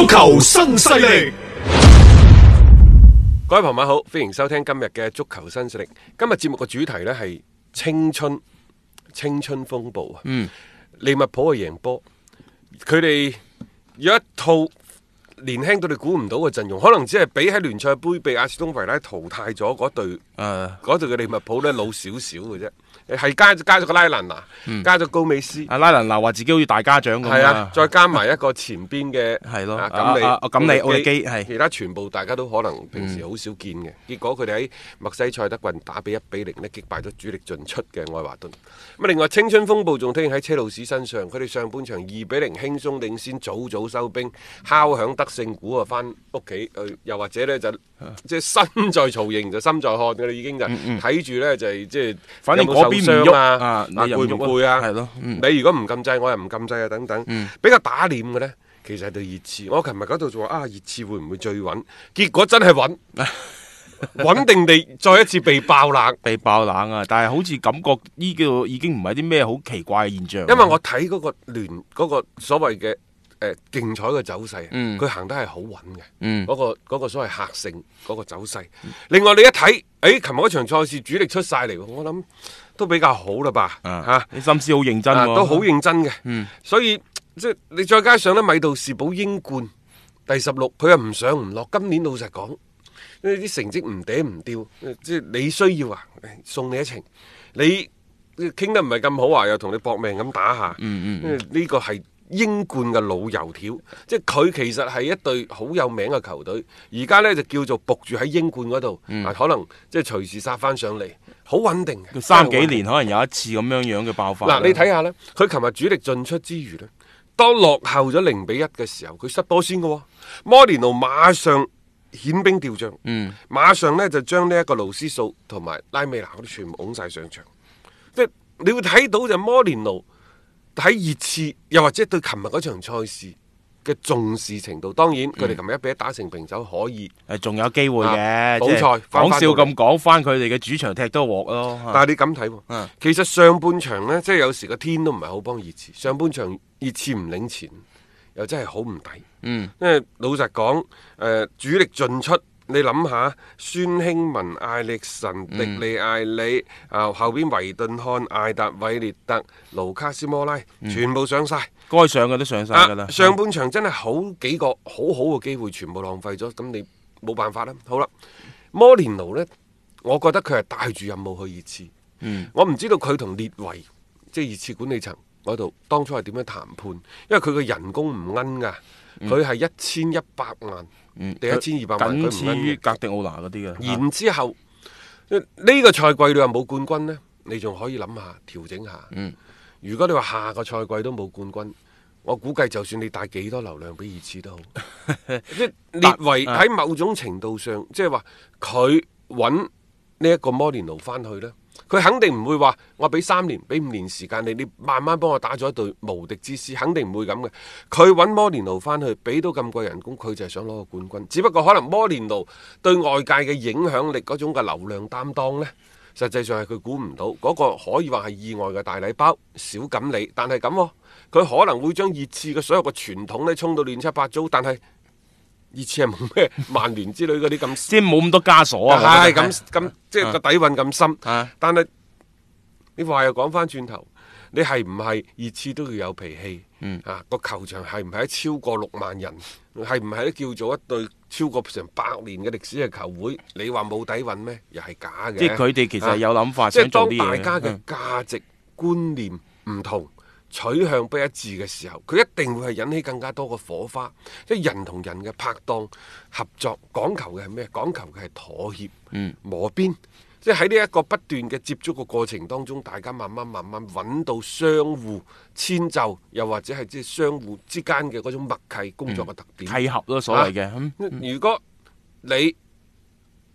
足球新勢力，各位朋友好，歡迎收聽今日嘅足球新勢力。今日節目嘅主題呢係青春，青春風暴啊！嗯，利物浦嘅贏波，佢哋有一套年輕到你估唔到嘅陣容，可能只係比喺聯賽杯被阿斯頓維拉淘汰咗嗰隊，誒、啊，嗰隊嘅利物浦咧老少少嘅啫。係加加咗個拉蘭啦，加咗高美斯。阿、嗯、拉蘭嗱，話自己好似大家長咁係啊，啊再加埋一個前邊嘅係咯。咁你，咁你，我基係。基基其他全部大家都可能平時好少見嘅。嗯、結果佢哋喺墨西塞德郡打比一比零咧擊敗咗主力進出嘅愛華頓。咁另外青春風暴仲停喺車路士身上。佢哋上半場二比零輕鬆領先，早早收兵，敲響得勝鼓啊，翻屋企又或者呢，就、啊、即係身在曹營就心在漢嘅啦，已經就睇住呢，就係、是、即係。反正傷啊，攰唔攰啊？係咯，你如果唔禁制，我又唔禁制啊，等等。嗯、比較打臉嘅咧，其實係對熱刺。我琴日嗰度就話啊，熱刺會唔會最穩？結果真係穩，穩、啊、 定地再一次被爆冷，被爆冷啊！但係好似感覺呢個已經唔係啲咩好奇怪嘅現象。因為我睇嗰個聯嗰、嗰個所謂嘅誒競彩嘅走勢，佢行、嗯、得係好穩嘅，嗰、嗯嗰個、嗰個所謂客勝嗰、嗰個走勢。另外你一睇，誒、欸，琴日嗰場賽事主力出晒嚟，我諗。都比較好啦吧，嚇、啊，啊、你心思好認真、啊啊、都好認真嘅，嗯、所以即係你再加上咧，米道士保英冠第十六，佢又唔上唔落，今年老實講，呢啲成績唔嗲唔掉，即係你需要啊，送你一程，你傾得唔係咁好啊，又同你搏命咁打下，嗯，嗯嗯，呢個係。英冠嘅老油條，即係佢其實係一隊好有名嘅球隊，而家呢，就叫做仆住喺英冠嗰度，嗯、可能即係隨時殺翻上嚟，好穩定。三幾年可能有一次咁樣樣嘅爆發。嗱、啊，你睇下呢，佢琴日主力進出之餘呢當落後咗零比一嘅時候，佢失波先嘅，摩連奴馬上遣兵調將，嗯、馬上呢就將呢一個勞斯數同埋拉美拿嗰啲全部拱晒上場，即係你會睇到就摩連奴。睇熱刺，又或者對琴日嗰場賽事嘅重視程度，當然佢哋琴日一比一打成平手，可以誒，仲、嗯、有機會嘅。比賽講笑咁講翻，佢哋嘅主場踢多鑊咯。但係你咁睇、嗯、其實上半場呢，即係有時個天都唔係好幫熱刺。上半場熱刺唔領錢，又真係好唔抵。嗯，因為老實講，誒、呃、主力進出。你諗下，孫興文、艾力神、迪利艾里啊，嗯、後邊維頓漢、艾達、韋列特、盧卡斯摩拉，嗯、全部上晒，該上嘅都上晒噶啦。啊、上半場真係好幾個好好嘅機會，全部浪費咗。咁你冇辦法啦。好啦，摩連奴呢，我覺得佢係帶住任務去熱刺。嗯、我唔知道佢同列維即係熱刺管理層嗰度當初係點樣談判，因為佢嘅人工唔奀噶，佢係一千一百萬。第一千二百萬，佢唔等於格迪奧拿嗰啲啊。然之後，呢、嗯、個賽季你話冇冠軍呢？你仲可以諗下調整下。整下嗯，如果你話下個賽季都冇冠軍，我估計就算你帶幾多流量俾熱刺都好，即 但列維喺某種程度上，嗯、即係話佢揾呢一個摩連奴翻去呢。佢肯定唔會話我俾三年、俾五年時間你，你慢慢幫我打咗一隊無敵之師，肯定唔會咁嘅。佢揾摩連奴翻去，俾到咁貴人工，佢就係想攞個冠軍。只不過可能摩連奴對外界嘅影響力嗰種嘅流量擔當呢，實際上係佢估唔到嗰個可以話係意外嘅大禮包，小錦鯉。但係咁喎，佢可能會將熱刺嘅所有嘅傳統呢衝到亂七八糟。但係。熱刺係冇咩曼聯之類嗰啲，咁先冇咁多枷鎖啊。係咁咁，即係個底蘊咁深。啊、但係你話又講翻轉頭，你係唔係熱刺都要有脾氣？嗯啊，個球場係唔係喺超過六萬人？係唔係咧叫做一隊超過成百年嘅歷史嘅球會？你話冇底蘊咩？又係假嘅。即係佢哋其實有諗法想、啊，想做即係當大家嘅價值觀念唔同。啊嗯嗯取向不一致嘅時候，佢一定會係引起更加多嘅火花。即係人同人嘅拍檔合作，講求嘅係咩？講求嘅係妥協、嗯、磨邊。即係喺呢一個不斷嘅接觸嘅過程當中，大家慢慢慢慢揾到相互遷就，又或者係即係相互之間嘅嗰種默契工作嘅特點。嗯、契合咯，所謂嘅。啊嗯嗯、如果你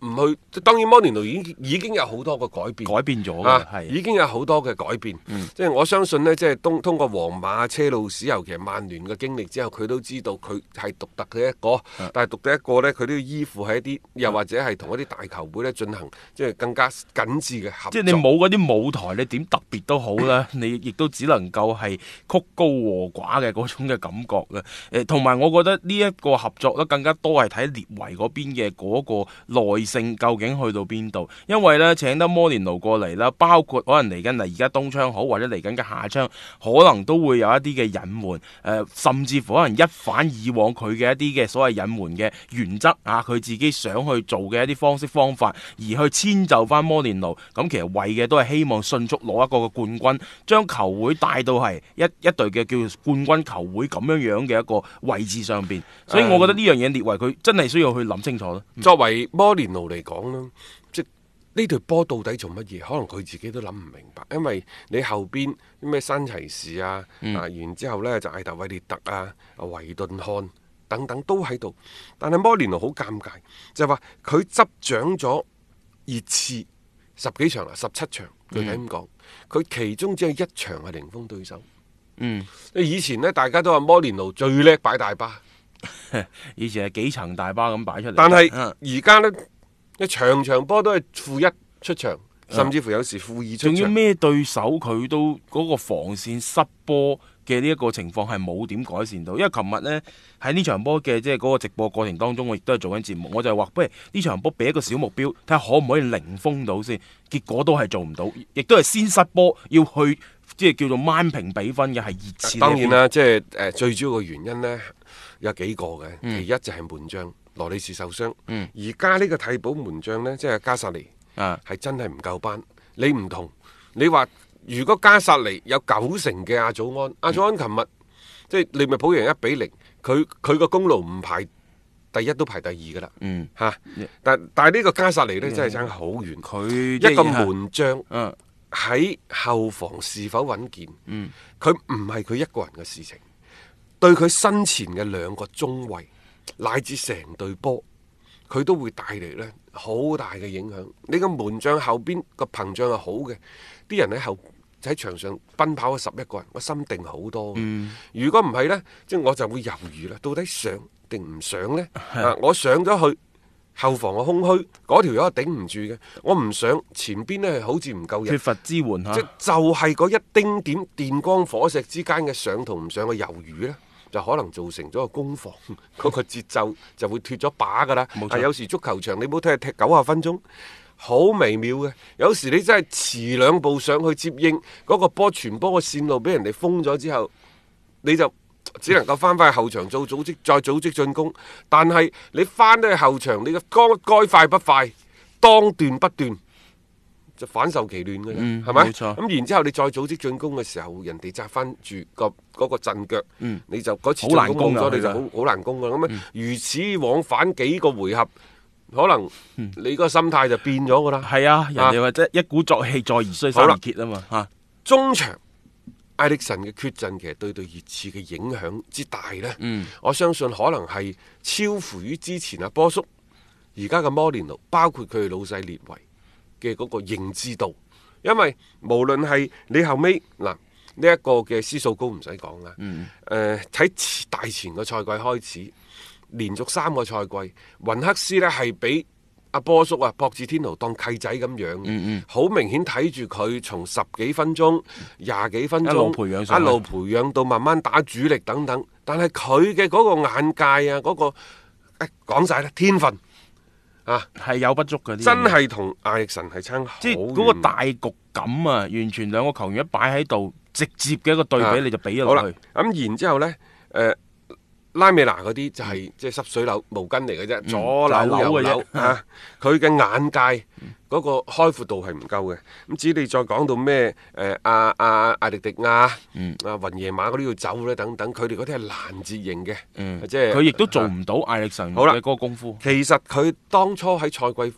唔去，當然摩連奴已經已經有好多個改變改變咗啊，已經有好多嘅改變。嗯、即係我相信咧，即係東通過皇馬車路士尤其係曼聯嘅經歷之後，佢都知道佢係獨特嘅一個，的但係獨特一個咧，佢都要依附喺一啲，的又或者係同一啲大球會咧進行即係更加緊致嘅合。即係你冇嗰啲舞台咧，點特別都好啦，嗯、你亦都只能夠係曲高和寡嘅種嘅感覺啦。誒、呃，同埋我覺得呢一個合作咧，更加多係睇列維嗰邊嘅嗰個內，內。究竟去到邊度？因為咧，請得摩連奴過嚟啦，包括可能嚟緊嚟而家東窗好或者嚟緊嘅下窗，可能都會有一啲嘅隱瞞，誒、呃，甚至乎可能一反以往佢嘅一啲嘅所謂隱瞞嘅原則啊，佢自己想去做嘅一啲方式方法，而去遷就翻摩連奴，咁、嗯、其實為嘅都係希望迅速攞一個嘅冠軍，將球會帶到係一一隊嘅叫做冠軍球會咁樣樣嘅一個位置上邊，所以我覺得呢樣嘢列為佢真係需要去諗清楚咯。嗯、作為摩連。路嚟講咯，即呢隊波到底做乜嘢？可能佢自己都諗唔明白，因為你後邊咩山齊士啊，啊，然之後咧就艾特威列特啊、阿維頓漢等等都喺度，但係摩連奴好尷尬，就係話佢執掌咗熱刺十幾場啊，十七場具體咁講，佢、嗯、其中只有一場係零封對手。嗯，以前咧大家都話摩連奴最叻擺大巴， 以前係幾層大巴咁擺出嚟，但係而家呢。 一場場波都係負一出場，甚至乎有時負二出場。仲要咩對手佢都嗰個防線失波嘅呢一個情況係冇點改善到。因為琴日呢，喺呢場波嘅即係嗰個直播過程當中，我亦都係做緊節目，我就係話不如呢場波俾一個小目標，睇下可唔可以零封到先。結果都係做唔到，亦都係先失波，要去即係、就是、叫做掹平比分嘅係熱刺。當然啦，即、就、係、是呃、最主要嘅原因呢，有幾個嘅，其一就係門將。嗯羅利士受傷，而家呢個替補門將呢，即係加薩尼，係真係唔夠班。你唔同，你話如果加薩尼有九成嘅阿祖安，阿祖安琴日即係利物浦贏一比零，佢佢個功勞唔排第一都排第二噶啦。吓，但但係呢個加薩尼呢，真係爭好遠。佢一個門將喺後防是否穩健，佢唔係佢一個人嘅事情，對佢身前嘅兩個中衛。乃至成隊波，佢都會帶嚟呢好大嘅影響。你個門將後邊個屏障係好嘅，啲人喺後喺場上奔跑嘅十一個人，我心定好多。嗯、如果唔係呢，即係我就會猶豫啦，到底上定唔上咧的、啊？我上咗去後防嘅空虛，嗰條友頂唔住嘅。我唔上前邊呢，好似唔夠人，缺乏支援嚇。即就係嗰一丁點電光火石之間嘅上同唔上嘅猶豫呢。就可能造成咗個攻防嗰個節奏 就會脱咗把噶啦。冇錯、啊、有時足球場你冇睇，踢九十分鐘好微妙嘅。有時你真係遲兩步上去接應，嗰、嗰個波傳波嘅線路俾人哋封咗之後，你就只能夠翻翻去後場做組織， 再組織進攻。但係你翻咗去後場，你嘅該快不快，當斷不斷。就反受其亂嘅啦，係咪？冇錯。咁然之後你再組織進攻嘅時候，人哋紮翻住個嗰個陣腳，你就嗰次進攻咗，你就好難攻噶。咁樣，如此往返幾個回合，可能你個心態就變咗噶啦。係啊，人哋或者一鼓作氣，再而衰三而竭啊嘛。吓，中場艾力臣嘅缺陣其實對對熱刺嘅影響之大呢，我相信可能係超乎於之前阿波叔而家嘅摩連奴，包括佢哋老細列維嘅嗰個認知度，因為無論係你後尾，嗱呢一個嘅思數高唔使講啦，誒喺、嗯嗯呃、大前個賽季開始，連續三個賽季，雲克斯咧係俾阿波叔啊波捷天奴當契仔咁樣，好、嗯嗯、明顯睇住佢從十幾分鐘、廿幾分鐘一路培養，到慢慢打主力等等，但係佢嘅嗰個眼界啊，嗰、嗰個誒講晒啦天分。啊，係有不足嘅，真係同艾力神係差好遠。即係嗰個大局感啊，完全兩個球員一擺喺度，直接嘅一個對比你就畀咗佢。咁、啊嗯、然之後咧，誒、呃。拉美拿嗰啲就係即係濕水柳毛巾嚟嘅啫，左柳右柳啊！佢嘅眼界嗰個開闊度係唔夠嘅。咁至於你再講到咩誒阿阿阿力迪亞、阿雲耶馬嗰啲要走咧等等，佢哋嗰啲係攔截型嘅，即係佢亦都做唔到艾力臣嘅嗰個功夫。其實佢當初喺賽季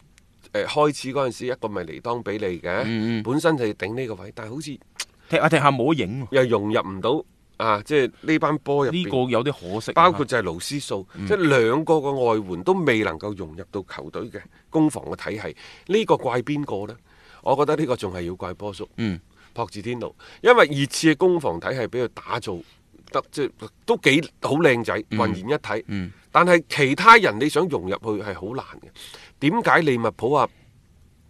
誒開始嗰陣時，一個咪，恩東比利嘅，本身就係頂呢個位，但係好似踢下踢下冇影，又融入唔到。啊！即係呢班波入邊呢個有啲可惜。包括就係勞斯素，即係兩個個外援都未能夠融入到球隊嘅攻防嘅體系。呢個怪邊個呢？我覺得呢個仲係要怪波叔，嗯，朴智天奴，因為熱刺嘅攻防體系俾佢打造得即係都幾好靚仔，渾然一體。但係其他人你想融入去係好難嘅。點解利物浦啊，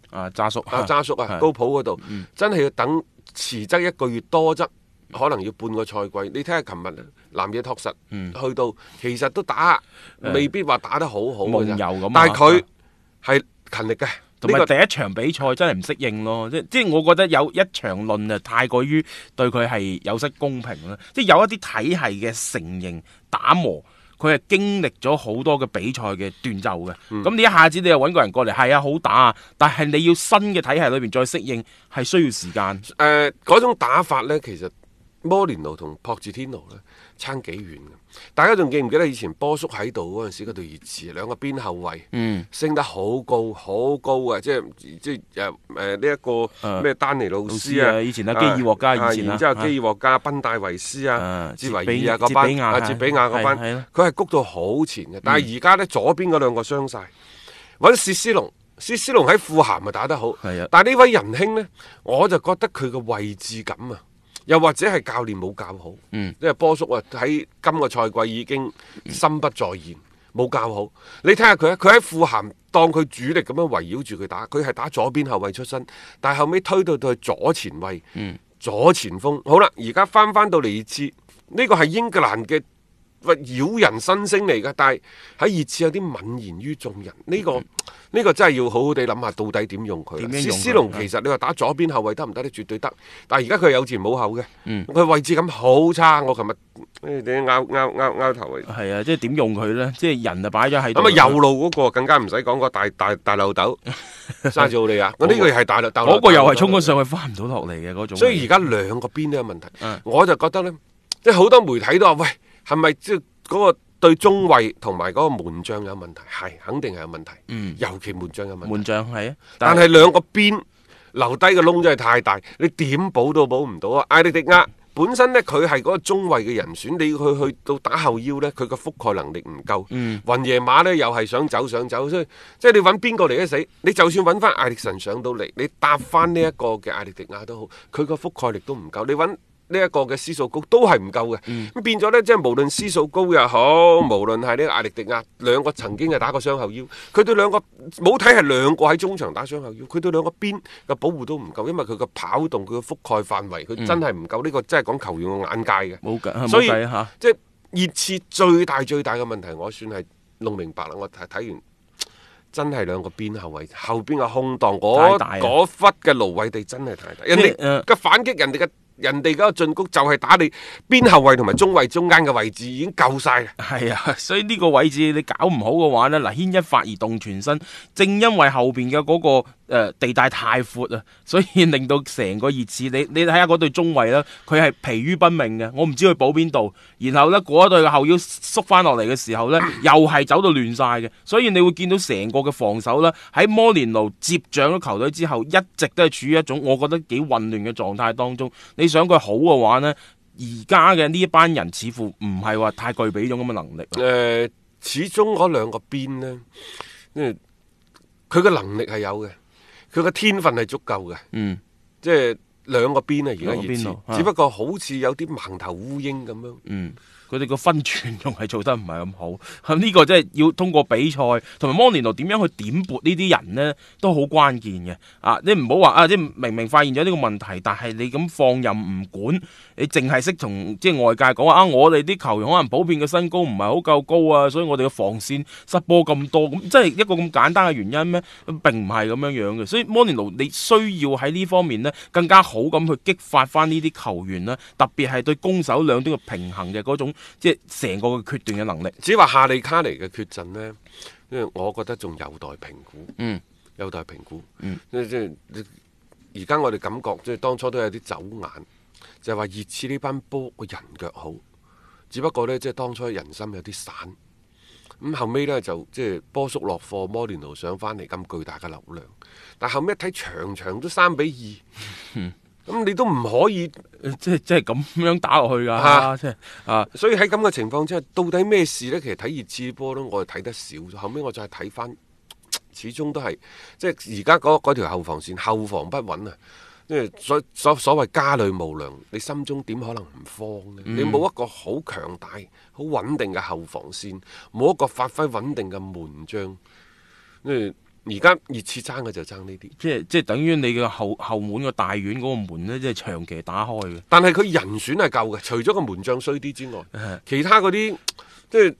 啊？啊，渣叔啊，渣叔啊，啊高普嗰度，真係要等遲則一個月多則。可能要半個賽季，你睇下琴日南野拓實、嗯、去到，其實都打未必話打得好好嘅，嗯、但係佢係勤力嘅。同埋第一場比賽真係唔適應咯，即即係我覺得有一場論就太過於對佢係有失公平啦。即、就、係、是、有一啲體系嘅成型打磨，佢係經歷咗好多嘅比賽嘅斷奏嘅。咁你、嗯、一下子你又揾個人過嚟，係啊好打，但係你要新嘅體系裏面再適應係需要時間。誒、呃，嗰種打法呢，其實。摩連奴同朴治天奴呢，差幾遠嘅。大家仲記唔記得以前波叔喺度嗰陣時嗰隊熱刺兩個邊後衞，嗯、升得好高好高啊，即係即係誒誒呢一個咩丹尼路斯啊，啊、嗯，以前阿基爾獲加，以前、啊，啊、然之後基爾獲加、啊、賓戴維斯啊、哲、啊、維爾啊嗰班阿哲比亞嗰、啊啊、班，佢係、啊、谷到好前嘅。但係而家呢，左邊嗰兩個傷曬，揾薛、嗯、斯隆，薛斯隆喺富咸啊打得好，啊、但係呢位仁兄呢，我就覺得佢個位置感啊。又或者係教練冇教好，因為、嗯、波叔啊喺今個賽季已經心不在焉，冇、嗯、教好。你睇下佢，佢喺富咸當佢主力咁樣圍繞住佢打，佢係打左邊後衞出身，但係後尾推到到去左前衞，嗯、左前鋒。好啦，而家翻翻到嚟熱刺，呢、這個係英格蘭嘅。妖人新星嚟噶，但係喺熱刺有啲泯然於眾人，呢、這個呢、嗯、個真係要好好地諗下，到底點用佢？用斯斯隆其實你話打左邊後衞得唔得？你絕對得，但係而家佢有前冇後嘅，佢、嗯、位置咁好差。我琴日啲啱啱啱啱啊，即係點用佢咧？即係人就擺咗喺度。咁啊右路嗰、那個更加唔使講，那個大大大漏斗，生住你啊！呢的個係大漏斗嗰個又係衝緊上去翻唔到落嚟嘅嗰種。所以而家兩個邊都有問題。嗯、我就覺得咧，即係好多媒體都話喂。係咪即係嗰個對中衞同埋嗰個門將有問題？係，肯定係有問題。嗯，尤其門將有問題。門將係啊，但係兩個邊留低個窿真係太大，你點補都補唔到啊！艾力迪亞本身呢，佢係嗰個中衞嘅人選，你要去，去，去到打後腰呢，佢個覆蓋能力唔夠。嗯，雲爺馬呢又係想走想走，所以即係你揾邊個嚟都死。你就算揾翻艾力神上到嚟，你搭翻呢一個嘅艾力迪亞都好，佢個覆蓋力都唔夠。你揾。呢一個嘅施數高都係唔夠嘅，咁變咗呢，即係無論施數高又好，無論係呢阿力迪亞兩個曾經係打過雙後腰，佢對兩個冇睇係兩個喺中場打雙後腰，佢對兩個邊嘅保護都唔夠，因為佢個跑動佢個覆蓋範圍，佢真係唔夠呢個即係講球員嘅眼界嘅，冇計，冇計吓，所以即係熱刺最大最大嘅問題，我算係弄明白啦，我睇完真係兩個邊後衛後邊嘅空檔，嗰忽嘅蘆葦地真係太大，人哋嘅反擊人哋嘅。人哋嗰個進攻就係打你邊後衛同埋中衛中間嘅位置已經夠晒啦，係啊，所以呢個位置你搞唔好嘅話咧，嗱牽一髮而動全身，正因為後邊嘅嗰個。誒、呃、地帶太闊啊，所以令到成個熱刺，你你睇下嗰對中衞呢，佢係疲於奔命嘅，我唔知佢補邊度。然後呢，嗰一對嘅後腰縮翻落嚟嘅時候呢，又係走到亂晒嘅。所以你會見到成個嘅防守呢，喺摩連奴接掌咗球隊之後，一直都係處於一種我覺得幾混亂嘅狀態當中。你想佢好嘅話呢，而家嘅呢一班人似乎唔係話太具備種咁嘅能力。誒、呃，始終嗰兩個邊呢，佢嘅能力係有嘅。佢個天分係足夠嘅，嗯，即係兩個邊啊，而家熱，只不過好似有啲盲頭烏蠅咁樣，嗯。嗯。佢哋個分寸仲係做得唔係咁好，呢、這個真係要通過比賽同埋摩連奴點樣去點撥呢啲人呢？都好關鍵嘅。啊，你唔好話啊，即明明發現咗呢個問題，但係你咁放任唔管，你淨係識同即係外界講話啊，我哋啲球員可能普遍嘅身高唔係好夠高啊，所以我哋嘅防線失波咁多，咁即係一個咁簡單嘅原因咩、啊？並唔係咁樣樣嘅。所以摩連奴你需要喺呢方面呢更加好咁去激發翻呢啲球員啦，特別係對攻守兩端嘅平衡嘅嗰、就是、種。即係成個嘅決斷嘅能力，只話夏利卡尼嘅缺陣呢，因為我覺得仲有待評估，嗯，有待評估，嗯，即係而家我哋感覺即係當初都有啲走眼，就係話熱刺呢班波個人腳好，只不過呢，即係當初人心有啲散，咁、嗯、後尾呢，就即係波叔落課摩連奴上翻嚟咁巨大嘅流量，但後尾一睇場場都三比二。 咁、嗯、你都唔可以，即係即係咁樣打落去噶、啊，啊！所以喺咁嘅情況之下，到底咩事呢？其實睇熱刺波囉，我哋睇得少，後尾我再睇翻，始終都係即係而家嗰嗰條後防線後防不穩啊！即係所所所謂家裏無糧，你心中點可能唔慌呢？嗯、你冇一個好強大、好穩定嘅後防線，冇一個發揮穩定嘅門將，你。而家熱刺爭嘅就爭呢啲，即係即係等於你嘅後後門個大院嗰個門咧，即係長期打開嘅。但係佢人選係夠嘅，除咗個門將衰啲之外，的其他嗰啲即係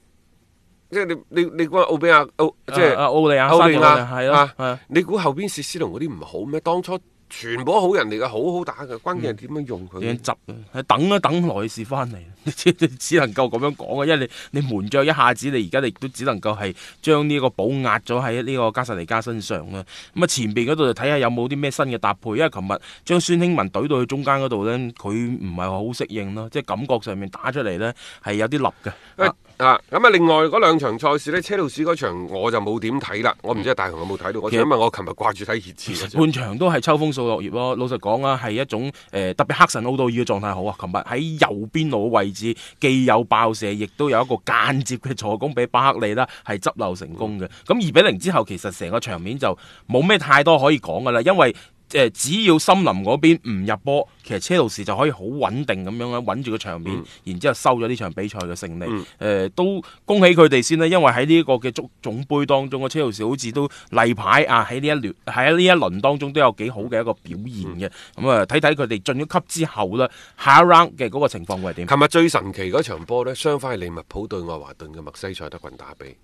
即係你你你估下奧比亞即、啊、奧即係阿奧利亞，奧利亞係咯，你估後邊薛斯龍嗰啲唔好咩？當初。全部好人嚟噶，好好打噶，關鍵係點樣用佢。點樣執啊，係等一等來事翻嚟，只 只能夠咁樣講嘅，因為你你門將一下子，你而家亦都只能夠係將呢個保壓咗喺呢個加薩尼加身上啦。咁、嗯、啊，前邊嗰度就睇下有冇啲咩新嘅搭配。因為琴日將孫興文懟到去中間嗰度咧，佢唔係話好適應咯，即、就、係、是、感覺上面打出嚟咧係有啲笠嘅。欸啊，咁啊，另外嗰兩場賽事咧，車路士嗰場我就冇點睇啦，我唔知大雄有冇睇到。其實因為我琴日掛住睇熱刺。半場都係秋風掃落葉咯，老實講啊，係一種誒、呃，特別黑神奧多伊嘅狀態好啊。琴日喺右邊路嘅位置，既有爆射，亦都有一個間接嘅助攻俾巴克利啦，係執漏成功嘅。咁二、嗯、比零之後，其實成個場面就冇咩太多可以講噶啦，因為。誒只要森林嗰邊唔入波，其實車路士就可以好穩定咁樣咧，穩住個場面，嗯、然之後收咗呢場比賽嘅勝利。誒、嗯呃、都恭喜佢哋先啦，因為喺呢個嘅足總杯當中，個車路士好似都例牌啊，喺呢一輪喺呢一輪當中都有幾好嘅一個表現嘅。咁啊、嗯，睇睇佢哋晉咗級之後呢，下一 round 嘅嗰個情況會係點？琴日最神奇嗰場波呢，雙方係利物浦對愛華頓嘅墨西塞德郡打比。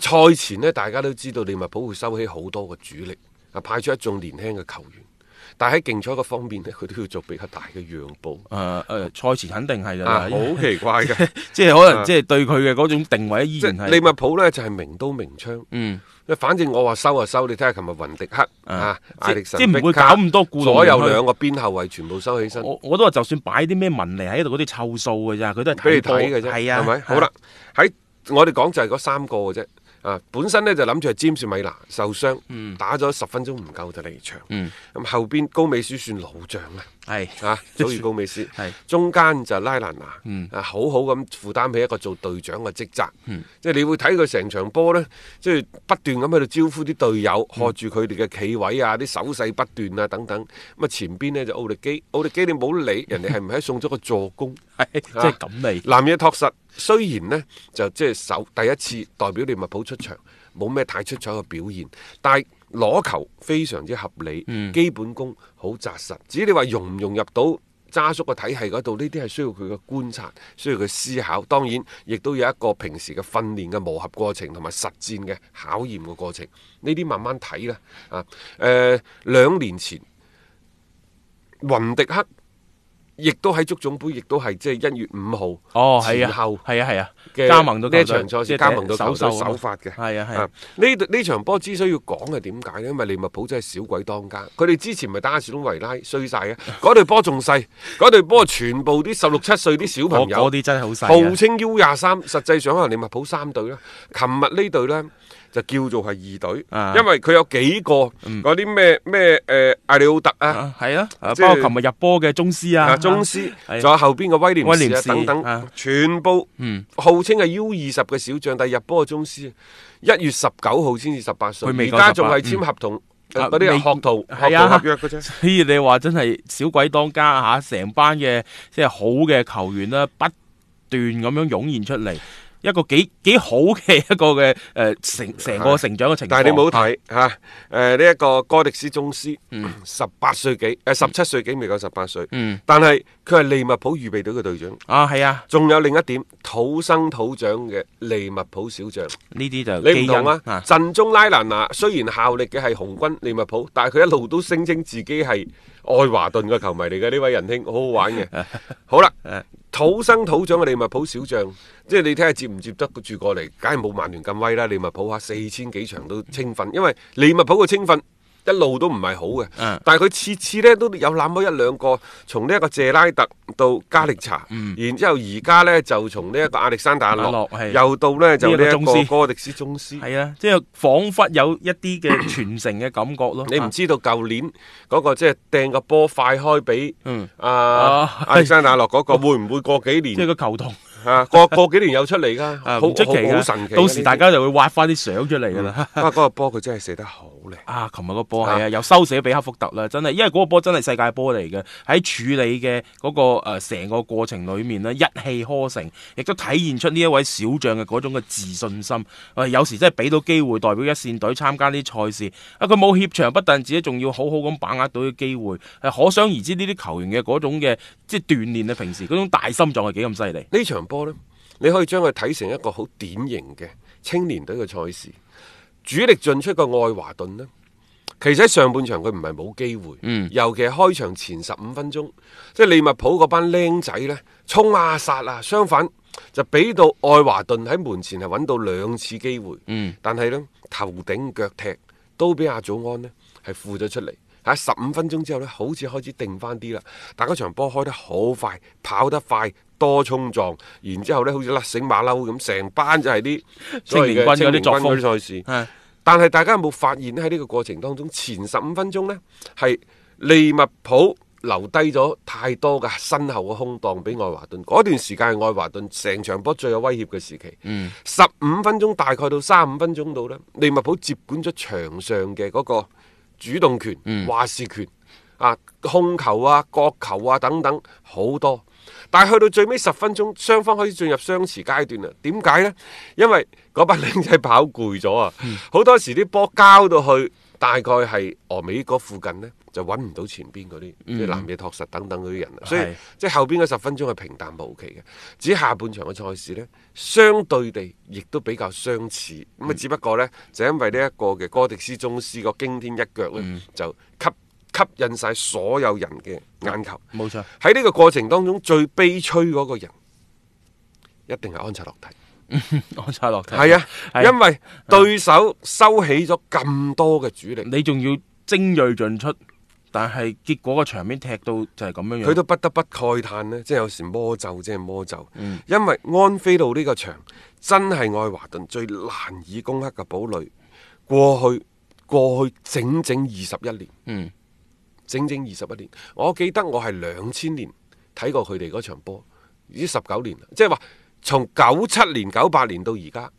賽前呢，大家都知道利物浦會收起好多個主力。派出一眾年輕嘅球員，但係喺競賽嘅方面咧，佢都要做比較大嘅讓步。誒誒，賽前肯定係啊，好奇怪嘅，即係可能即係對佢嘅嗰種定位依然係利物浦咧，就係明刀明槍。嗯，反正我話收啊收，你睇下琴日雲迪克啊，即係唔會搞咁多顧慮。所有兩個邊後衛全部收起身。我我都話就算擺啲咩文嚟，喺度嗰啲湊數嘅咋，佢都係俾你睇嘅啫。係啊，係咪好啦？喺我哋講就係嗰三個嘅啫。啊，本身呢就諗住係詹士米蘭受傷打咗十分鐘唔夠就離場，咁、嗯啊、後邊高美書算老將咧、啊。係吓是、啊，祖爾高美斯，中間就拉蘭娜，嗯、啊，好好咁負擔起一個做隊長嘅職責，即係、嗯、你會睇佢成場波呢，即、就、係、是、不斷咁喺度招呼啲隊友，賀住佢哋嘅企位啊，啲手勢不斷啊，等等。咁啊，前邊呢就奧利基，奧利基你冇理， 人哋係唔係送咗個助攻，即係咁嚟。南 野拓實，雖然呢，就即係首第一次代表利物浦出場，冇咩太出彩嘅表現，但係，攞球非常之合理，基本功好紮實。至於你話融唔融入到渣叔嘅體系嗰度，呢啲係需要佢嘅觀察，需要佢思考。當然，亦都有一個平時嘅訓練嘅磨合過程，同埋實戰嘅考驗嘅過程。呢啲慢慢睇啦。啊，誒、呃、兩年前雲迪克。亦都喺足總杯，亦都係即係一月五號，後後係啊係啊，啊，加盟到呢一場賽事，加盟到首秀首發嘅，係啊係啊。呢呢場波之所以要講係點解咧？因為利物浦真係小鬼當家，佢哋之前咪係打阿斯隆維拉衰晒嘅，嗰隊波仲細，嗰 隊波全部啲十六七歲啲小朋友，嗰啲真係好細，號稱 U 廿三，實際上可能利物浦三隊啦。琴日呢隊呢。就叫做係二隊，因為佢有幾個嗰啲咩咩誒，艾利奧特啊，係啊、啊，包括琴日入波嘅宗師啊，宗師，仲、啊啊、有後邊嘅威廉士啊威廉士等等，啊、全部號稱係 U 二十嘅小將，但係入波嘅宗師，一、嗯、月十九號先至十八歲，佢而家仲係簽合同，嗰啲、嗯啊、學徒係啊合約嘅啫。所以你話真係小鬼當家吓，成、啊、班嘅即係好嘅球員啦、啊，不斷咁樣湧現出嚟。一個幾幾好嘅一個嘅誒、呃、成成個成長嘅情況，但係你冇睇吓誒呢一個哥迪斯宗師、嗯呃，十八歲幾誒十七歲幾未夠十八歲，嗯，但係佢係利物浦預備隊嘅隊長啊，係啊，仲有另一點土生土長嘅利物浦小將，呢啲就你唔同啦。陣中、啊、拉蘭娜雖然效力嘅係紅軍利物浦，但係佢一路都聲稱自己係愛華頓嘅球迷嚟，嘅呢位仁兄，好好玩嘅。 好啦。土生土長嘅利物浦小將，即係你睇下接唔接得住過嚟，梗係冇曼聯咁威啦。利物浦下四千幾場都青訓，因為利物浦嘅青訓。一路都唔係好嘅。嗯、但係佢次次咧都有那麼一兩個，從呢一個謝拉特到加力查。嗯、然之後而家咧就從呢一個亞歷山大洛，洛又到咧就呢一個、個哥迪斯鍾斯，係啊，即係仿佛有一啲嘅傳承嘅感覺咯。 你唔知道舊年嗰個即係掟個波快開俾、啊嗯，啊亞歷山大洛嗰個、啊、會唔會過幾年？即係、啊就是、個球童。啊， 過過幾年又出嚟噶，好出奇啊！到時大家就會挖翻啲相出嚟噶啦。 嗯嗰個、啊，啊，嗰個波佢真係射得好靚啊！琴日個波係啊，又收死比克福特啦！真係，因為嗰個波真係世界波嚟嘅。喺處理嘅嗰、嗰個成、呃、個過程裡面呢，一氣呵成，亦都體現出呢一位小將嘅嗰種嘅自信心。呃、有時真係俾到機會代表一線隊參加啲賽事啊，佢冇怯場，不但止，仲要好好咁把握到嘅機會。可想而知呢啲球員嘅嗰種嘅即係鍛鍊啊，平時嗰種大心臟係幾咁犀利。呢場波，波咧，你可以將佢睇成一個好典型嘅青年隊嘅賽事，主力進出個愛華頓咧，其實喺上半場佢唔係冇機會，嗯，尤其係開場前十五分鐘，即係利物浦班僆仔咧衝啊殺啊，相反就俾到愛華頓喺門前係揾到兩次機會，嗯，但係咧，頭頂腳踢都俾阿祖安咧係負咗出嚟。十五分鐘之後咧，好似開始定翻啲啦。但嗰場波開得好快，跑得快，多衝撞，然之後呢，好似甩醒馬騮咁，成班就係啲青年軍嗰事。的但係大家有冇發現呢？喺呢個過程當中，前十五分鐘呢，係利物浦留低咗太多嘅身後嘅空檔俾愛華頓。嗰段時間係愛華頓成場波最有威脅嘅時期。十五、嗯、分鐘大概到三五分鐘到呢，利物浦接管咗場上嘅嗰、那個。主動權、話事權、啊控球啊、角球啊等等好多。但係去到最尾十分鐘，雙方開始進入相持階段啦。點解呢？因為嗰班靚仔跑攰咗啊。好、嗯、多時啲波交到去大概係俄美嗰附近呢，就揾唔到前邊嗰啲即係南野拓實等等嗰啲人，所以即係後邊嗰十分鐘係平淡無奇嘅。至於下半場嘅賽事呢，相對地亦都比較相似，咁啊，只不過呢，就因為呢一個嘅哥迪斯宗師個驚天一腳呢就吸吸引晒所有人嘅眼球。冇錯，喺呢個過程當中，最悲催嗰個人一定係安察洛蒂。安察洛蒂係啊，因為對手收起咗咁多嘅主力，你仲要精鋭盡出。但係結果個場面踢到就係咁樣樣，佢都不得不慨嘆呢，即係有時魔咒，即係魔咒。嗯、因為安菲路呢個場真係愛華頓最難以攻克嘅堡壘。過去過去整整二十一年，嗯、整整二十一年。我記得我係兩千年睇過佢哋嗰場波，已經十九年啦。即係話從九七年、九八年到而家。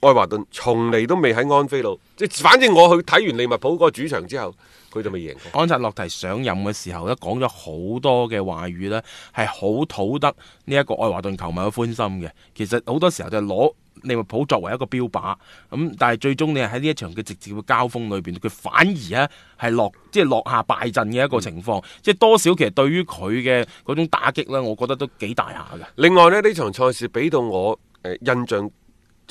愛華頓從嚟都未喺安菲路，即係反正我去睇完利物浦嗰個主場之後，佢就未贏過。安察洛提上任嘅時候咧，講咗好多嘅話語咧，係好討得呢一個愛華頓球迷嘅歡心嘅。其實好多時候就攞利物浦作為一個標靶，咁但係最終你喺呢一場嘅直接嘅交鋒裏邊，佢反而咧係落即係、就是、落下敗陣嘅一個情況，即係、嗯、多少其實對於佢嘅嗰種打擊咧，我覺得都幾大下嘅。另外呢，呢場賽事俾到我誒、呃、印象。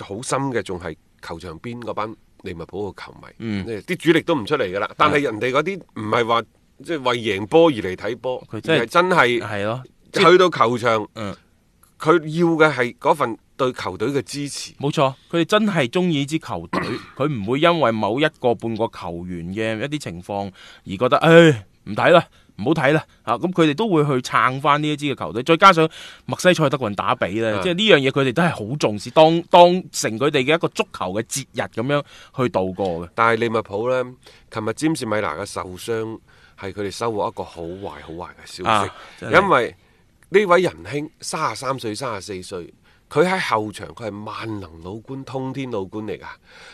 好深嘅，仲係球場邊嗰班利物浦個球迷，啲、嗯、主力都唔出嚟噶啦。的但係人哋嗰啲唔係話即係為贏波而嚟睇波，佢真係真係係咯。的去到球場，佢、嗯、要嘅係嗰份對球隊嘅支持。冇錯，佢哋真係中意支球隊，佢唔 會因為某一個半個球員嘅一啲情況而覺得誒唔睇啦。唔好睇啦，嚇咁佢哋都會去撐翻呢一支嘅球隊，再加上墨西塞德國人打比咧，啊、即係呢樣嘢佢哋都係好重視，當當成佢哋嘅一個足球嘅節日咁樣去度過嘅。但係利物浦呢，琴日詹士米拿嘅受傷係佢哋收穫一個好壞好壞嘅消息，啊、因為呢位仁兄三十三歲、三十四歲，佢喺後場佢係萬能老官、通天老官嚟噶，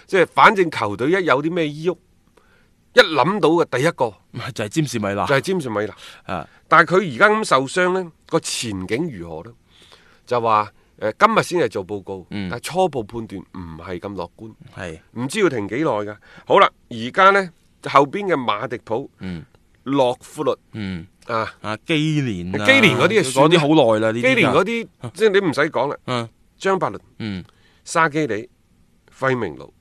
即係反正球隊一有啲咩依喐，一諗到嘅第一個就係詹士米娜。就係詹士米娜。啊！但係佢而家咁受傷咧，個前景如何咧？就話誒，今日先係做報告，但係初步判斷唔係咁樂觀，係唔知要停幾耐噶。好啦，而家咧後邊嘅馬迪普、洛夫律、啊啊基連、基連嗰啲，講啲好耐啦。基連嗰啲即係你唔使講啦。張伯倫、沙基里、費明路。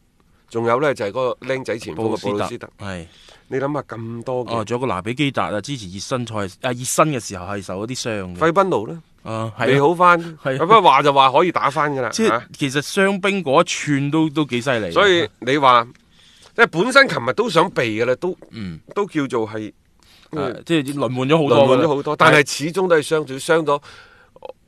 仲有咧，就係嗰個僆仔前布魯斯特，係你諗下咁多哦，仲有個拿比基達啊，之前熱身賽啊，熱身嘅時候係受咗啲傷，費賓奴咧，啊，未好翻，係，不過話就話可以打翻噶啦，即係其實傷兵嗰一串都都幾犀利，所以你話即係本身琴日都想避嘅啦，都都叫做係，即係輪換咗好多，換咗好多，但係始終都係傷咗，傷咗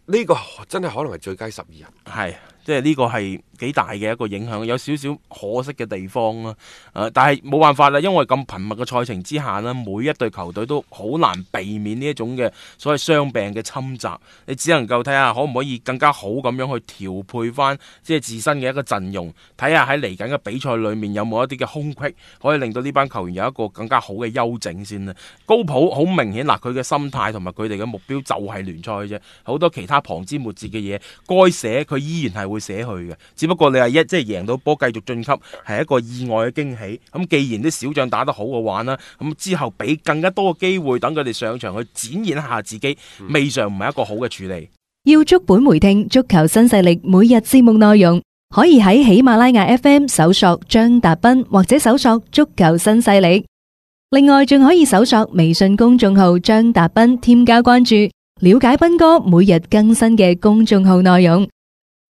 呢個真係可能係最佳十二人，係。即係呢個係幾大嘅一個影響，有少少可惜嘅地方啦，呃，但係冇辦法啦，因為咁頻密嘅賽程之下呢，每一隊球隊都好難避免呢一種嘅所謂傷病嘅侵襲。你只能夠睇下可唔可以更加好咁樣去調配返，即係自身嘅一個陣容，睇下喺嚟緊嘅比賽裡面有冇一啲嘅空隙，可以令到呢班球員有一個更加好嘅休整先啦。高普好明顯嗱，佢，呃，嘅心態同埋佢哋嘅目標就係聯賽啫，好多其他旁枝末節嘅嘢，該寫佢依然係會。會寫去嘅，只不過你係一即係贏到波，繼續晉級係一個意外嘅驚喜。咁既然啲小將打得好嘅話啦，咁之後俾更加多嘅機會等佢哋上場去展現下自己，未嘗唔係一個好嘅處理。要足本回聽足球新勢力每日節目內容，可以喺喜馬拉雅 FM 搜索張達斌，或者搜索足球新勢力。另外，仲可以搜索微信公眾號張達斌，添加關注，了解斌哥每日更新嘅公眾號內容。